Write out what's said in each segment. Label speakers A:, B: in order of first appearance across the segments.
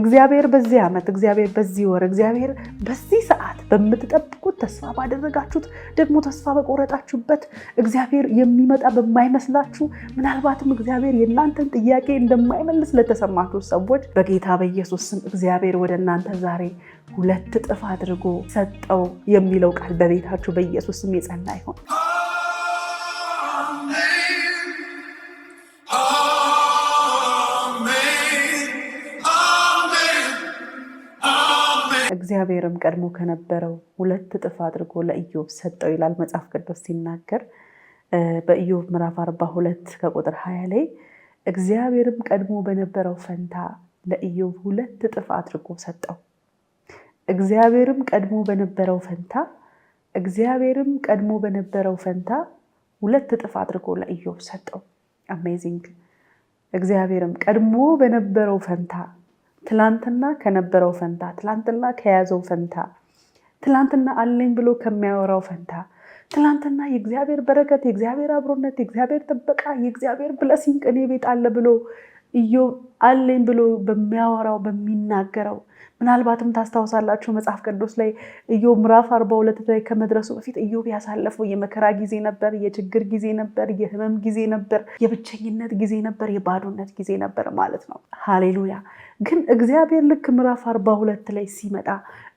A: እግዚአብሔር በዚህ ዓመት፣ እግዚአብሔር በዚህ ወር፣ እግዚአብሔር በዚህ ሰዓት በምትጠብቁት ተስፋ ባደረጋችሁት ደግሞ ተስፋ በቆረጣችሁበት እግዚአብሔር የሚመጣ በማይመስላችሁ ምናልባትም እግዚአብሔር የእናንተን ጥያቄ እንደማይመልስ ለተሰማችሁ ሰዎች በጌታ በኢየሱስ ስም እግዚአብሔር ወደ እናንተ ዛሬ ሁለት እጥፍ አድርጎ ሰጠው የሚለው ቃል በቤታችሁ በኢየሱስ ስም የጸና ይሆን። እግዚአብሔርም ቀድሞ ከነበረው ሁለት እጥፍ አድርጎ ለኢዮብ ሰጠው ይላል መጽሐፍ ቅዱስ ሲናገር በኢዮብ ምዕራፍ 42 ከቁጥር 20 ላይ እግዚአብሔርም ቀድሞ በነበረው ፈንታ ለኢዮብ ሁለት እጥፍ አድርጎ ሰጠው። እግዚአብሔርም ቀድሞ በነበረው ፈንታ እግዚአብሔርም ቀድሞ በነበረው ፈንታ ሁለት እጥፍ አድርጎ ለኢዮብ ሰጠው። አሜዚንግ! እግዚአብሔርም ቀድሞ በነበረው ፈንታ ትላንትና ከነበረው ፈንታ፣ ትላንትና ከያዘው ፈንታ፣ ትላንትና አለኝ ብሎ ከሚያወራው ፈንታ፣ ትላንትና የእግዚአብሔር በረከት፣ የእግዚአብሔር አብሮነት፣ የእግዚአብሔር ጥበቃ፣ የእግዚአብሔር ብለሲንግ እኔ ቤት አለ ብሎ ኢዮብ አለኝ ብሎ በሚያወራው በሚናገረው ምናልባትም ታስታውሳላችሁ መጽሐፍ ቅዱስ ላይ ኢዮብ ምዕራፍ አርባ ሁለት ላይ ከመድረሱ በፊት ኢዮብ ያሳለፈው የመከራ ጊዜ ነበር፣ የችግር ጊዜ ነበር፣ የህመም ጊዜ ነበር፣ የብቸኝነት ጊዜ ነበር፣ የባዶነት ጊዜ ነበር ማለት ነው። ሃሌሉያ። ግን እግዚአብሔር ልክ ምዕራፍ አርባ ሁለት ላይ ሲመጣ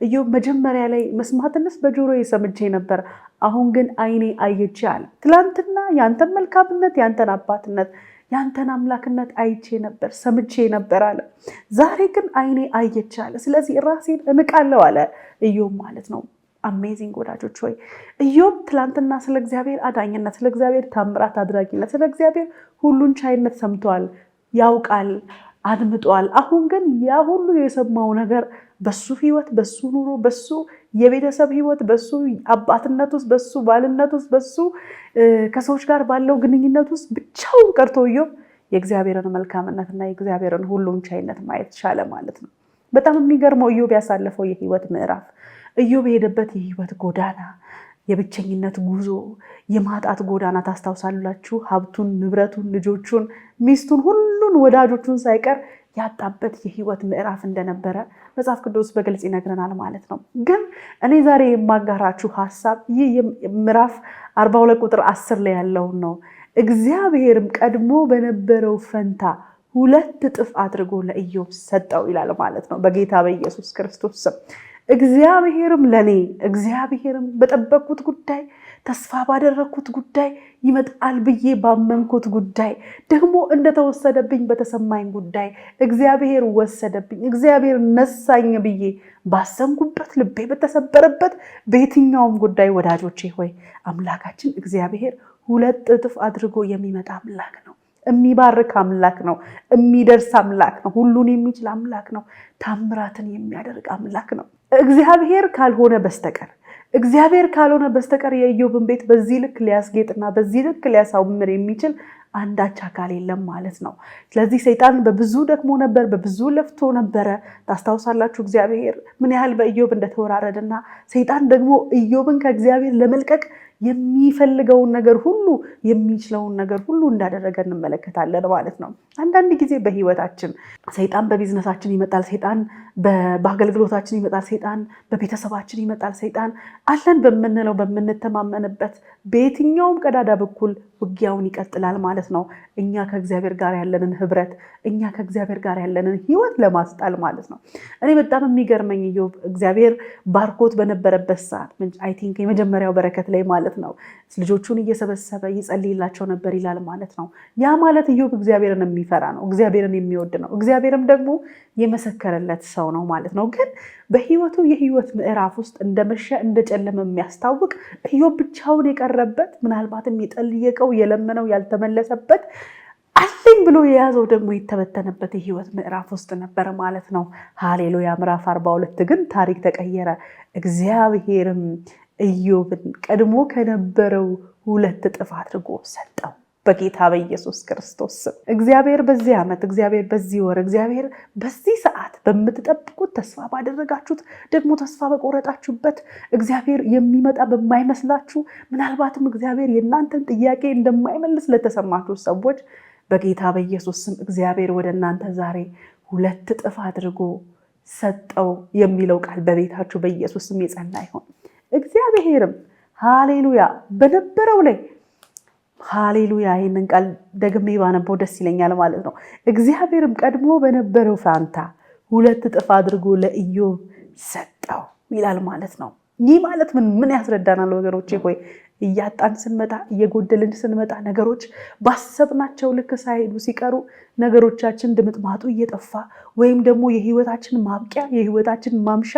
A: ኢዮብ መጀመሪያ ላይ መስማትንስ በጆሮ ሰምቼ ነበር፣ አሁን ግን አይኔ አየች አለ። ትላንትና ያንተን መልካምነት ያንተን አባትነት ያንተን አምላክነት አይቼ ነበር ሰምቼ ነበር አለ። ዛሬ ግን አይኔ አየች አለ። ስለዚህ ራሴን እንቃለው አለ እዮም ማለት ነው። አሜዚንግ ወዳጆች ሆይ እዮም ትላንትና ስለ እግዚአብሔር አዳኝነት፣ ስለ እግዚአብሔር ታምራት አድራጊነት፣ ስለ እግዚአብሔር ሁሉን ቻይነት ሰምቷል፣ ያውቃል፣ አድምጧል። አሁን ግን ያ ሁሉ የሰማው ነገር በሱ ህይወት፣ በሱ ኑሮ፣ በሱ የቤተሰብ ህይወት፣ በሱ አባትነት ውስጥ፣ በሱ ባልነት ውስጥ፣ በሱ ከሰዎች ጋር ባለው ግንኙነት ውስጥ ብቻውን ቀርቶ ዮ የእግዚአብሔርን መልካምነትና የእግዚአብሔርን ሁሉም ቻይነት ማየት ቻለ ማለት ነው። በጣም የሚገርመው እዮብ ያሳለፈው የህይወት ምዕራፍ፣ ኢዮብ የሄደበት የህይወት ጎዳና የብቸኝነት ጉዞ፣ የማጣት ጎዳና ታስታውሳላችሁ። ሀብቱን፣ ንብረቱን፣ ልጆቹን፣ ሚስቱን፣ ሁሉን ወዳጆቹን ሳይቀር ያጣበት የህይወት ምዕራፍ እንደነበረ መጽሐፍ ቅዱስ በግልጽ ይነግረናል ማለት ነው። ግን እኔ ዛሬ የማጋራችሁ ሀሳብ ይህ ምዕራፍ 42 ቁጥር 10 ላይ ያለውን ነው። እግዚአብሔርም ቀድሞ በነበረው ፈንታ ሁለት እጥፍ አድርጎ ለኢዮብ ሰጠው ይላል ማለት ነው። በጌታ በኢየሱስ ክርስቶስ ስም እግዚአብሔርም ለእኔ እግዚአብሔርም በጠበቅኩት ጉዳይ ተስፋ ባደረግኩት ጉዳይ ይመጣል ብዬ ባመንኩት ጉዳይ ደግሞ እንደተወሰደብኝ በተሰማኝ ጉዳይ እግዚአብሔር ወሰደብኝ፣ እግዚአብሔር ነሳኝ ብዬ ባሰንኩበት ልቤ በተሰበረበት በየትኛውም ጉዳይ ወዳጆቼ ሆይ አምላካችን እግዚአብሔር ሁለት እጥፍ አድርጎ የሚመጣ አምላክ ነው። የሚባርክ አምላክ ነው። የሚደርስ አምላክ ነው። ሁሉን የሚችል አምላክ ነው። ታምራትን የሚያደርግ አምላክ ነው እግዚአብሔር ካልሆነ በስተቀር እግዚአብሔር ካልሆነ በስተቀር የኢዮብን ቤት በዚህ ልክ ሊያስጌጥና በዚህ ልክ ሊያሳምር የሚችል አንዳች አካል የለም ማለት ነው። ስለዚህ ሰይጣን በብዙ ደክሞ ነበር፣ በብዙ ለፍቶ ነበረ። ታስታውሳላችሁ እግዚአብሔር ምን ያህል በኢዮብ እንደተወራረደና ሰይጣን ደግሞ ኢዮብን ከእግዚአብሔር ለመልቀቅ የሚፈልገውን ነገር ሁሉ የሚችለውን ነገር ሁሉ እንዳደረገ እንመለከታለን ማለት ነው። አንዳንድ ጊዜ በህይወታችን ሰይጣን በቢዝነሳችን ይመጣል፣ ሰይጣን በአገልግሎታችን ይመጣል፣ ሰይጣን በቤተሰባችን ይመጣል። ሰይጣን አለን በምንለው በምንተማመንበት በየትኛውም ቀዳዳ በኩል ውጊያውን ይቀጥላል ማለት ነው። እኛ ከእግዚአብሔር ጋር ያለንን ህብረት፣ እኛ ከእግዚአብሔር ጋር ያለንን ህይወት ለማስጣል ማለት ነው። እኔ በጣም የሚገርመኝ እግዚአብሔር ባርኮት በነበረበት ሰዓት አይ ቲንክ የመጀመሪያው በረከት ላይ ማለት ማለት ነው። ልጆቹን እየሰበሰበ ይጸልይላቸው ነበር ይላል ማለት ነው። ያ ማለት ኢዮብ እግዚአብሔርን የሚፈራ ነው፣ እግዚአብሔርን የሚወድ ነው፣ እግዚአብሔርም ደግሞ የመሰከረለት ሰው ነው ማለት ነው። ግን በህይወቱ የህይወት ምዕራፍ ውስጥ እንደ እንደጨለመ እንደ ጨለመ የሚያስታውቅ ኢዮብ ብቻውን የቀረበት ምናልባትም የጠየቀው የለመነው ያልተመለሰበት አለኝ ብሎ የያዘው ደግሞ የተበተነበት የህይወት ምዕራፍ ውስጥ ነበር ማለት ነው። ሃሌሉያ። ምዕራፍ አርባ ሁለት ግን ታሪክ ተቀየረ። እግዚአብሔርም ኢዮብን ቀድሞ ከነበረው ሁለት እጥፍ አድርጎ ሰጠው። በጌታ በኢየሱስ ክርስቶስ ስም እግዚአብሔር በዚህ ዓመት እግዚአብሔር በዚህ ወር እግዚአብሔር በዚህ ሰዓት በምትጠብቁት ተስፋ ባደረጋችሁት ደግሞ ተስፋ በቆረጣችሁበት እግዚአብሔር የሚመጣ በማይመስላችሁ ምናልባትም እግዚአብሔር የእናንተን ጥያቄ እንደማይመልስ ለተሰማችሁ ሰዎች በጌታ በኢየሱስ ስም እግዚአብሔር ወደ እናንተ ዛሬ ሁለት እጥፍ አድርጎ ሰጠው የሚለው ቃል በቤታችሁ በኢየሱስ ስም የጸና ይሆን። እግዚአብሔርም ሃሌሉያ በነበረው ላይ ሃሌሉያ ይህንን ቃል ደግሜ ባነበው ደስ ይለኛል ማለት ነው። እግዚአብሔርም ቀድሞ በነበረው ፋንታ ሁለት እጥፍ አድርጎ ለኢዮብ ሰጠው ይላል ማለት ነው። ይህ ማለት ምን ምን ያስረዳናል ወገኖች ሆይ? እያጣን ስንመጣ እየጎደልን ስንመጣ ነገሮች ባሰብናቸው ልክ ሳይሄዱ ሲቀሩ ነገሮቻችን ድምጥማጡ እየጠፋ ወይም ደግሞ የህይወታችን ማብቂያ የህይወታችን ማምሻ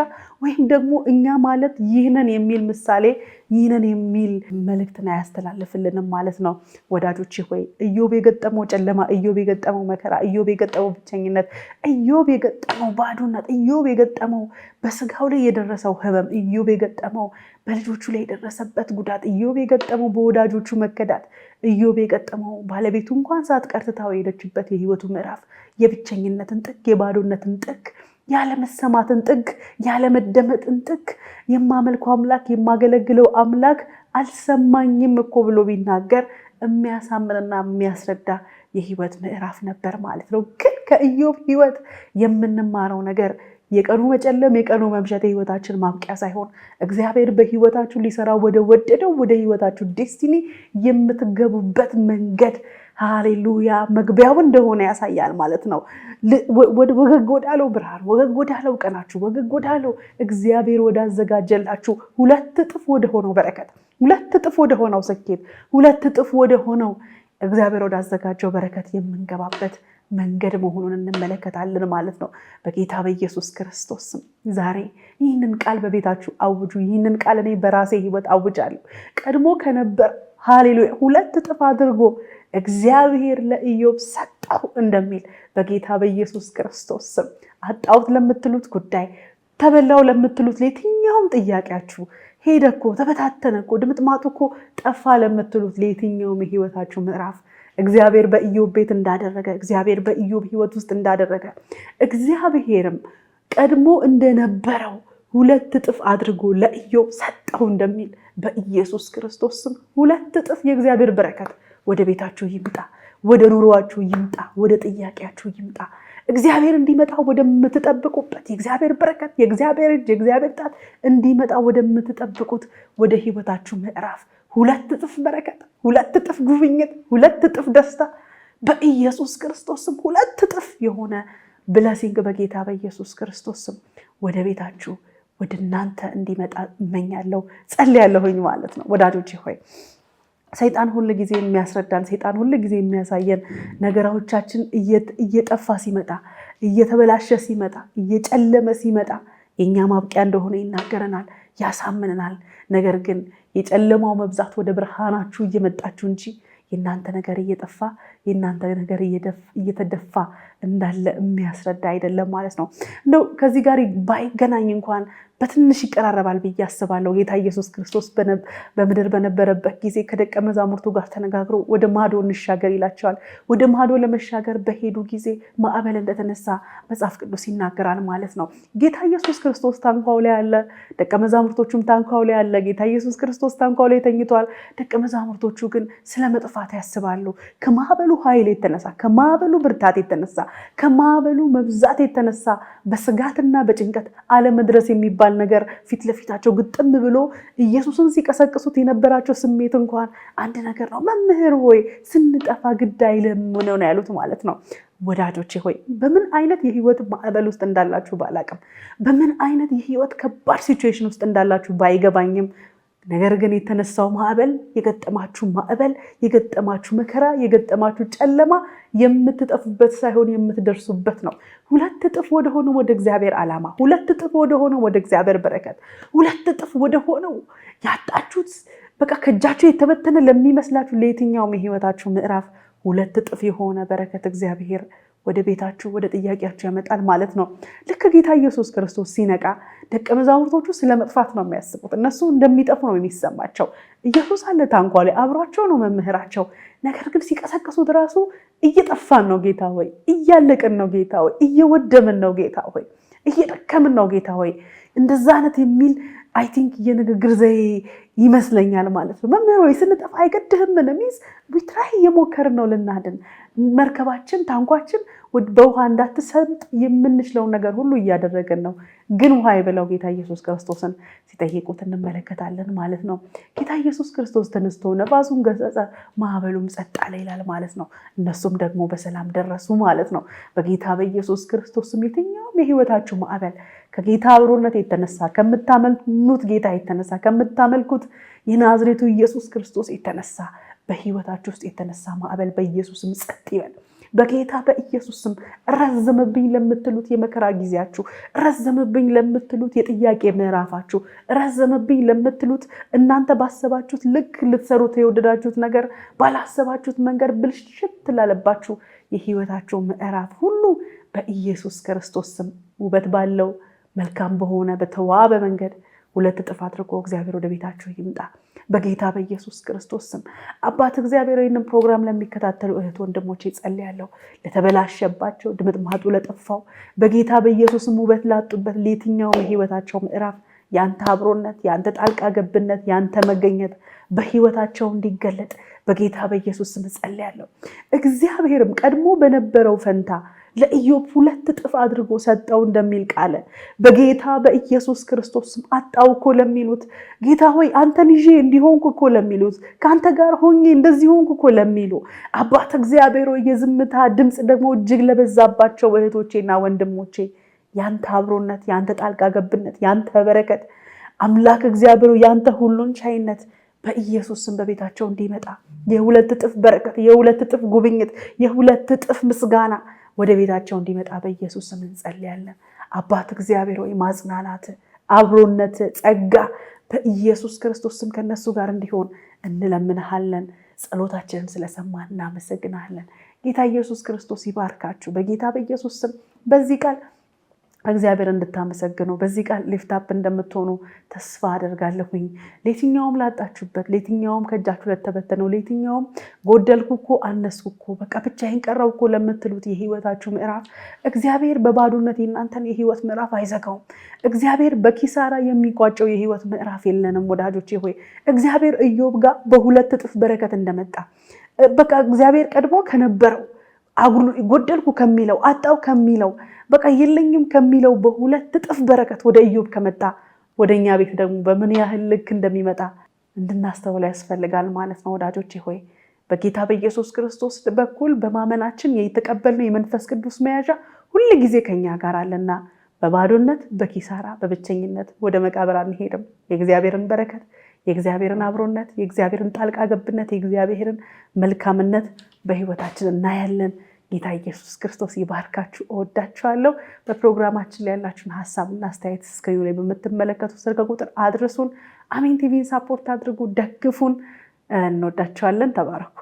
A: ወይም ደግሞ እኛ ማለት ይህንን የሚል ምሳሌ ይህንን የሚል መልእክትን አያስተላልፍልንም ማለት ነው። ወዳጆች ሆይ እዮብ የገጠመው ጨለማ፣ እዮብ የገጠመው መከራ፣ እዮብ የገጠመው ብቸኝነት፣ እዮብ የገጠመው ባዶነት፣ እዮብ የገጠመው በስጋው ላይ የደረሰው ህመም፣ እዮብ የገጠመው በልጆቹ ላይ የደረሰበት ጉዳት፣ እዮብ የገጠመው በወዳጆቹ መከዳት፣ እዮብ የገጠመው ባለቤቱ እንኳን ሳትቀር ትታው የሄደችበት የህይወቱ ምዕራፍ የብቸኝነትን ጥግ የባዶነትን ጥግ ያለመሰማትን ጥግ፣ ያለመደመጥን ጥግ የማመልኩ አምላክ የማገለግለው አምላክ አልሰማኝም እኮ ብሎ ቢናገር የሚያሳምንና የሚያስረዳ የህይወት ምዕራፍ ነበር ማለት ነው። ግን ከኢዮብ ህይወት የምንማረው ነገር የቀኑ መጨለም የቀኑ መምሸት የህይወታችን ማብቂያ ሳይሆን እግዚአብሔር በህይወታችሁ ሊሰራ ወደ ወደደው ወደ ህይወታችሁ ዴስቲኒ የምትገቡበት መንገድ ሃሌሉያ መግቢያው እንደሆነ ያሳያል ማለት ነው። ወገግ ወዳለው ብርሃን፣ ወገግ ወዳለው ቀናችሁ፣ ወገግ ወዳለው እግዚአብሔር ወዳዘጋጀላችሁ ሁለት እጥፍ ወደሆነው በረከት፣ ሁለት እጥፍ ወደሆነው ስኬት፣ ሁለት እጥፍ ወደሆነው እግዚአብሔር ወዳዘጋጀው በረከት የምንገባበት መንገድ መሆኑን እንመለከታለን ማለት ነው። በጌታ በኢየሱስ ክርስቶስ ዛሬ ይህንን ቃል በቤታችሁ አውጁ። ይህንን ቃል እኔ በራሴ ህይወት አውጃለሁ። ቀድሞ ከነበር ሃሌሉያ ሁለት እጥፍ አድርጎ እግዚአብሔር ለኢዮብ ሰጠው እንደሚል በጌታ በኢየሱስ ክርስቶስ ስም አጣሁት ለምትሉት ጉዳይ ተበላው ለምትሉት ለየትኛውም ጥያቄያችሁ ሄደ እኮ ተበታተነ እኮ ድምጥማጡ እኮ ጠፋ ለምትሉት ለየትኛውም የህይወታችሁ ምዕራፍ እግዚአብሔር በኢዮብ ቤት እንዳደረገ እግዚአብሔር በኢዮብ ህይወት ውስጥ እንዳደረገ እግዚአብሔርም ቀድሞ እንደነበረው ሁለት እጥፍ አድርጎ ለኢዮብ ሰጠው እንደሚል በኢየሱስ ክርስቶስ ስም ሁለት እጥፍ የእግዚአብሔር በረከት ወደ ቤታችሁ ይምጣ፣ ወደ ኑሯችሁ ይምጣ፣ ወደ ጥያቄያችሁ ይምጣ። እግዚአብሔር እንዲመጣ ወደምትጠብቁበት የእግዚአብሔር በረከት፣ የእግዚአብሔር እጅ፣ የእግዚአብሔር ጣት እንዲመጣ ወደምትጠብቁት ወደ ህይወታችሁ ምዕራፍ ሁለት እጥፍ በረከት፣ ሁለት እጥፍ ጉብኝት፣ ሁለት እጥፍ ደስታ በኢየሱስ ክርስቶስም ሁለት እጥፍ የሆነ ብለሲንግ በጌታ በኢየሱስ ክርስቶስም ወደ ቤታችሁ ወደ እናንተ እንዲመጣ እመኛለሁ፣ ጸልያለሁኝ ማለት ነው። ወዳጆቼ ሆይ ሰይጣን ሁል ጊዜ የሚያስረዳን ሰይጣን ሁል ጊዜ የሚያሳየን ነገሮቻችን እየጠፋ ሲመጣ፣ እየተበላሸ ሲመጣ፣ እየጨለመ ሲመጣ የእኛ ማብቂያ እንደሆነ ይናገረናል፣ ያሳምነናል። ነገር ግን የጨለማው መብዛት ወደ ብርሃናችሁ እየመጣችሁ እንጂ የእናንተ ነገር እየጠፋ የእናንተ ነገር እየተደፋ እንዳለ የሚያስረዳ አይደለም ማለት ነው። እንደው ከዚህ ጋር ባይገናኝ እንኳን በትንሽ ይቀራረባል ብዬ አስባለሁ። ጌታ ኢየሱስ ክርስቶስ በምድር በነበረበት ጊዜ ከደቀ መዛሙርቱ ጋር ተነጋግሮ ወደ ማዶ እንሻገር ይላቸዋል። ወደ ማዶ ለመሻገር በሄዱ ጊዜ ማዕበል እንደተነሳ መጽሐፍ ቅዱስ ይናገራል ማለት ነው። ጌታ ኢየሱስ ክርስቶስ ታንኳው ላይ አለ፣ ደቀ መዛሙርቶቹም ታንኳው ላይ አለ። ጌታ ኢየሱስ ክርስቶስ ታንኳው ላይ ተኝቷል። ደቀ መዛሙርቶቹ ግን ስለ መጥፋት ያስባሉ። ከማዕበሉ ኃይል የተነሳ ከማዕበሉ ብርታት የተነሳ ከማዕበሉ መብዛት የተነሳ በስጋትና በጭንቀት አለመድረስ የሚባል ነገር ፊት ለፊታቸው ግጥም ብሎ ኢየሱስን ሲቀሰቅሱት የነበራቸው ስሜት እንኳን አንድ ነገር ነው። መምህር ሆይ ስንጠፋ ግድ አይልም ነው ያሉት ማለት ነው። ወዳጆቼ ሆይ በምን አይነት የህይወት ማዕበል ውስጥ እንዳላችሁ ባላቅም፣ በምን አይነት የህይወት ከባድ ሲቹዌሽን ውስጥ እንዳላችሁ ባይገባኝም ነገር ግን የተነሳው ማዕበል፣ የገጠማችሁ ማዕበል፣ የገጠማችሁ መከራ፣ የገጠማችሁ ጨለማ የምትጠፉበት ሳይሆን የምትደርሱበት ነው። ሁለት እጥፍ ወደሆነ ወደ እግዚአብሔር ዓላማ፣ ሁለት እጥፍ ወደሆነ ወደ እግዚአብሔር በረከት፣ ሁለት እጥፍ ወደሆነው ያጣችሁት በቃ ከእጃችሁ የተበተነ ለሚመስላችሁ ለየትኛውም የህይወታችሁ ምዕራፍ ሁለት እጥፍ የሆነ በረከት እግዚአብሔር ወደ ቤታችሁ ወደ ጥያቄያችሁ ያመጣል ማለት ነው። ልክ ጌታ ኢየሱስ ክርስቶስ ሲነቃ ደቀ መዛሙርቶቹ ስለ መጥፋት ነው የሚያስቡት። እነሱ እንደሚጠፉ ነው የሚሰማቸው። ኢየሱስ አለ ታንኳ ላይ አብሯቸው ነው መምህራቸው። ነገር ግን ሲቀሰቅሱት ራሱ እየጠፋን ነው ጌታ ሆይ፣ እያለቅን ነው ጌታ ሆይ፣ እየወደምን ነው ጌታ ሆይ እየደከምን ነው ጌታ ሆይ። እንደዛ አይነት የሚል አይ ቲንክ የንግግር ዘዬ ይመስለኛል ማለት ነው። መምህር ወይ ስንጠፋ አይገድህም? ሚንስ ዊትራይ እየሞከርን ነው ልናድን መርከባችን ታንኳችን በውሃ እንዳትሰምጥ የምንችለውን ነገር ሁሉ እያደረግን ነው። ግን ውሃ የበላው ጌታ ኢየሱስ ክርስቶስን ሲጠይቁት እንመለከታለን ማለት ነው። ጌታ ኢየሱስ ክርስቶስ ተነስቶ ነፋሱን ገሰጸ፣ ማዕበሉም ጸጥ አለ ይላል ማለት ነው። እነሱም ደግሞ በሰላም ደረሱ ማለት ነው። በጌታ በኢየሱስ ክርስቶስም የትኛውም የህይወታችሁ ማዕበል ከጌታ አብሮነት የተነሳ ከምታመልኩት ጌታ የተነሳ ከምታመልኩት የናዝሬቱ ኢየሱስ ክርስቶስ የተነሳ በህይወታችሁ ውስጥ የተነሳ ማዕበል በኢየሱስም ጸጥ ይበል። በጌታ በኢየሱስ ስም ረዘምብኝ ለምትሉት የመከራ ጊዜያችሁ፣ ረዘምብኝ ለምትሉት የጥያቄ ምዕራፋችሁ፣ ረዘምብኝ ለምትሉት እናንተ ባሰባችሁት ልክ ልትሰሩት የወደዳችሁት ነገር ባላሰባችሁት መንገድ ብልሽት ላለባችሁ የህይወታቸው ምዕራፍ ሁሉ በኢየሱስ ክርስቶስ ስም ውበት ባለው መልካም በሆነ በተዋበ መንገድ ሁለት እጥፍ አድርጎ እግዚአብሔር ወደ ቤታችሁ ይምጣ። በጌታ በኢየሱስ ክርስቶስ ስም አባት እግዚአብሔር ይህንን ፕሮግራም ለሚከታተሉ እህት ወንድሞቼ ጸልያለሁ። ለተበላሸባቸው፣ ድምጥ ማጡ ለጠፋው፣ በጌታ በኢየሱስም ውበት ላጡበት ለየትኛውም የህይወታቸው ምዕራፍ የአንተ አብሮነት፣ የአንተ ጣልቃ ገብነት፣ የአንተ መገኘት በህይወታቸው እንዲገለጥ በጌታ በኢየሱስ ስም ጸልያለሁ። እግዚአብሔርም ቀድሞ በነበረው ፈንታ ለኢዮብ ሁለት እጥፍ አድርጎ ሰጠው እንደሚል ቃለ በጌታ በኢየሱስ ክርስቶስ ስም አጣው እኮ ለሚሉት ጌታ ሆይ አንተን ይዤ እንዲሆንኩ እኮ ለሚሉት ከአንተ ጋር ሆኜ እንደዚህ ሆንኩ እኮ ለሚሉ አባት እግዚአብሔር ሆይ የዝምታ ድምፅ ደግሞ እጅግ ለበዛባቸው እህቶቼና ወንድሞቼ ያንተ አብሮነት፣ ያንተ ጣልቃ ገብነት፣ ያንተ በረከት አምላክ እግዚአብሔር ያንተ ሁሉን ቻይነት በኢየሱስ ስም በቤታቸው እንዲመጣ የሁለት እጥፍ በረከት፣ የሁለት እጥፍ ጉብኝት፣ የሁለት እጥፍ ምስጋና ወደ ቤታቸው እንዲመጣ በኢየሱስ ስም እንጸልያለን። አባት እግዚአብሔር ሆይ ማጽናናት፣ አብሮነት፣ ጸጋ በኢየሱስ ክርስቶስ ስም ከነሱ ጋር እንዲሆን እንለምንሃለን። ጸሎታችንን ስለሰማ እናመሰግናለን። ጌታ ኢየሱስ ክርስቶስ ይባርካችሁ። በጌታ በኢየሱስ ስም በዚህ ቃል እግዚአብሔር እንድታመሰግኑ በዚህ ቃል ሊፍታፕ እንደምትሆኑ ተስፋ አደርጋለሁኝ። ለየትኛውም ላጣችሁበት፣ ለየትኛውም ከእጃችሁ ለተበተነው፣ ለየትኛውም ጎደልኩ እኮ አነስኩ እኮ በቃ ብቻዬን ቀረው እኮ ለምትሉት የህይወታችሁ ምዕራፍ እግዚአብሔር በባዶነት የእናንተን የህይወት ምዕራፍ አይዘጋውም። እግዚአብሔር በኪሳራ የሚቋጨው የህይወት ምዕራፍ የለንም ወዳጆቼ ሆይ እግዚአብሔር እዮብ ጋር በሁለት እጥፍ በረከት እንደመጣ በቃ እግዚአብሔር ቀድሞ ከነበረው አጉሉ ጎደልኩ ከሚለው አጣው ከሚለው በቃ የለኝም ከሚለው በሁለት እጥፍ በረከት ወደ ኢዮብ ከመጣ ወደ እኛ ቤት ደግሞ በምን ያህል ልክ እንደሚመጣ እንድናስተውለ ያስፈልጋል ማለት ነው። ወዳጆች ሆይ በጌታ በኢየሱስ ክርስቶስ በኩል በማመናችን የተቀበልነው የመንፈስ ቅዱስ መያዣ ሁል ጊዜ ከኛ ጋር አለና በባዶነት፣ በኪሳራ፣ በብቸኝነት ወደ መቃብር አንሄድም። የእግዚአብሔርን በረከት የእግዚአብሔርን አብሮነት፣ የእግዚአብሔርን ጣልቃ ገብነት፣ የእግዚአብሔርን መልካምነት በህይወታችን እናያለን። ጌታ ኢየሱስ ክርስቶስ ይባርካችሁ። እወዳችኋለሁ። በፕሮግራማችን ላይ ያላችሁን ሀሳብና አስተያየት እስክሪኑ ላይ በምትመለከቱ ስልክ ቁጥር አድርሱን። አሜን ቲቪን ሳፖርት አድርጉ፣ ደግፉን። እንወዳችኋለን። ተባረኩ።